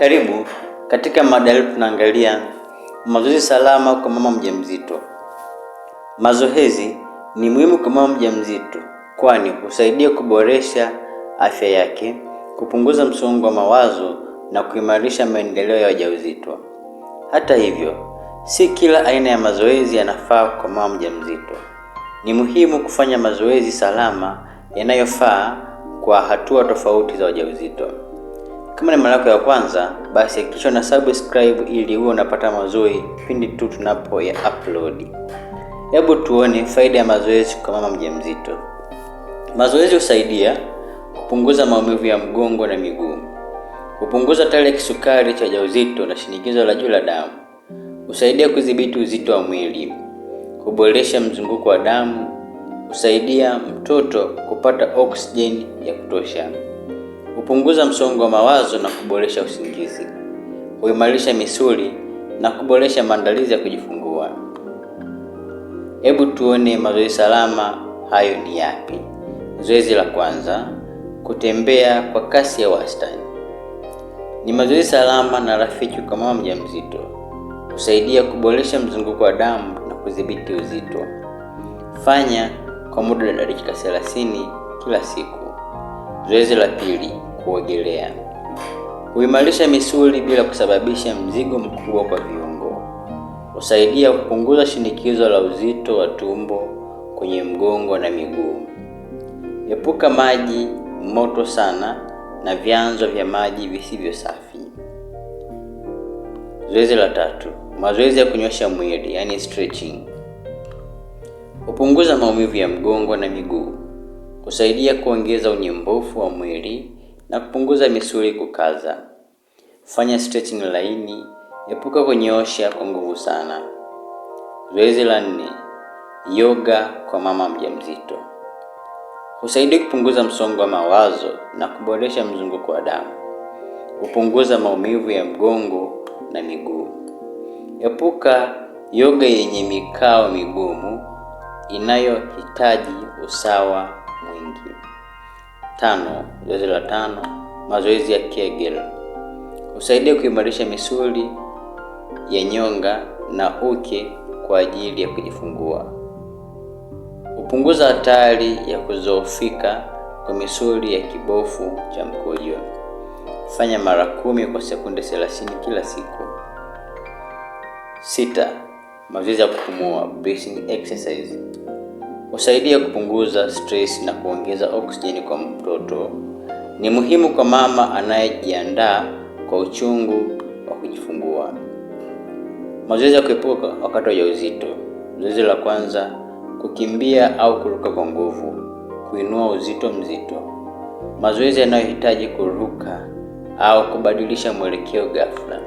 Karibu katika mada leo, tunaangalia mazoezi salama kwa mama mjamzito. Mazoezi ni muhimu kwa mama mjamzito, kwani husaidia kuboresha afya yake, kupunguza msongo wa mawazo na kuimarisha maendeleo ya ujauzito. Hata hivyo, si kila aina ya mazoezi yanafaa kwa mama mjamzito. Ni muhimu kufanya mazoezi salama yanayofaa kwa hatua tofauti za ujauzito. Kama ni mara yako ya kwanza, basi hakikisha una subscribe ili uwe unapata mazoezi pindi tu tunapo ya upload. Hebu tuone faida ya mazoezi kwa mama mjamzito. Mazoezi husaidia kupunguza maumivu ya mgongo na miguu, kupunguza hatari ya kisukari cha ujauzito na shinikizo la juu la damu, husaidia kudhibiti uzito wa mwili, kuboresha mzunguko wa damu, husaidia mtoto kupata oksijeni ya kutosha hupunguza msongo wa mawazo na kuboresha usingizi, huimarisha misuli na kuboresha maandalizi ya kujifungua. Hebu tuone mazoezi salama hayo ni yapi? Zoezi la kwanza, kutembea kwa kasi ya wastani ni mazoezi salama na rafiki kwa mama mjamzito. Husaidia kuboresha mzunguko wa damu na kudhibiti uzito. Fanya kwa muda wa dakika 30 kila siku. Zoezi la pili, kuogelea. Huimarisha misuli bila kusababisha mzigo mkubwa kwa viungo. Husaidia kupunguza shinikizo la uzito wa tumbo kwenye mgongo na miguu. Epuka maji moto sana na vyanzo vya maji visivyo safi. Zoezi la tatu, mazoezi ya kunyosha mwili, yani stretching. Hupunguza maumivu ya mgongo na miguu. Husaidia kuongeza unyembofu wa mwili na kupunguza misuli kukaza. Fanya stretching laini, epuka kunyoosha kwa nguvu sana. Zoezi la nne, yoga kwa mama mjamzito husaidia kupunguza msongo wa mawazo na kuboresha mzunguko wa damu, hupunguza maumivu ya mgongo na miguu. Epuka yoga yenye mikao migumu inayohitaji usawa mwingi. Tano, zoezi la tano, mazoezi ya Kegel husaidia kuimarisha misuli ya nyonga na uke kwa ajili ya kujifungua. Hupunguza hatari ya kuzoofika kwa misuli ya kibofu cha mkojo. Fanya mara kumi kwa sekunde 30 kila siku. Sita, mazoezi ya kupumua, breathing exercise husaidia kupunguza stress na kuongeza oksijeni kwa mtoto. Ni muhimu kwa mama anayejiandaa kwa uchungu wa kujifungua. Mazoezi ya kuepuka wakati wa ujauzito. Zoezi la kwanza, kukimbia au kuruka kwa nguvu, kuinua uzito mzito. Mazoezi yanayohitaji kuruka au kubadilisha mwelekeo ghafla.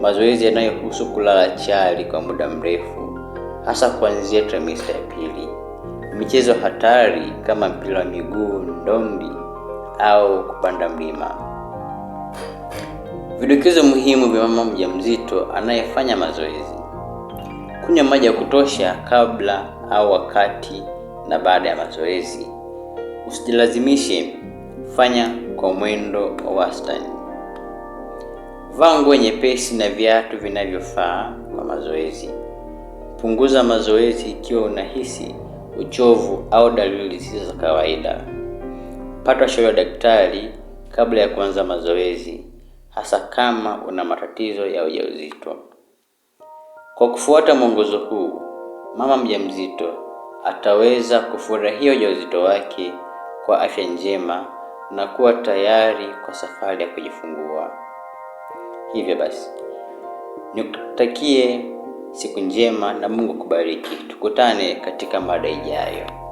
Mazoezi yanayohusu kulala chali kwa muda mrefu, hasa kuanzia trimester ya pili michezo hatari kama mpira wa miguu, ndondi au kupanda mlima. Vidokezo muhimu vya mama mjamzito anayefanya mazoezi: kunywa maji ya kutosha kabla au wakati na baada ya mazoezi. Usijilazimishe, fanya kwa mwendo wa wastani. Vaa nguo nyepesi na viatu vinavyofaa kwa mazoezi. Punguza mazoezi ikiwa unahisi uchovu au dalili zisizo za kawaida. Pata ushauri wa daktari kabla ya kuanza mazoezi, hasa kama una matatizo ya ujauzito. Kwa kufuata mwongozo huu, mama mjamzito ataweza kufurahia ujauzito wake kwa afya njema na kuwa tayari kwa safari ya kujifungua. Hivyo basi nikutakie Siku njema na Mungu kubariki. Tukutane katika mada ijayo.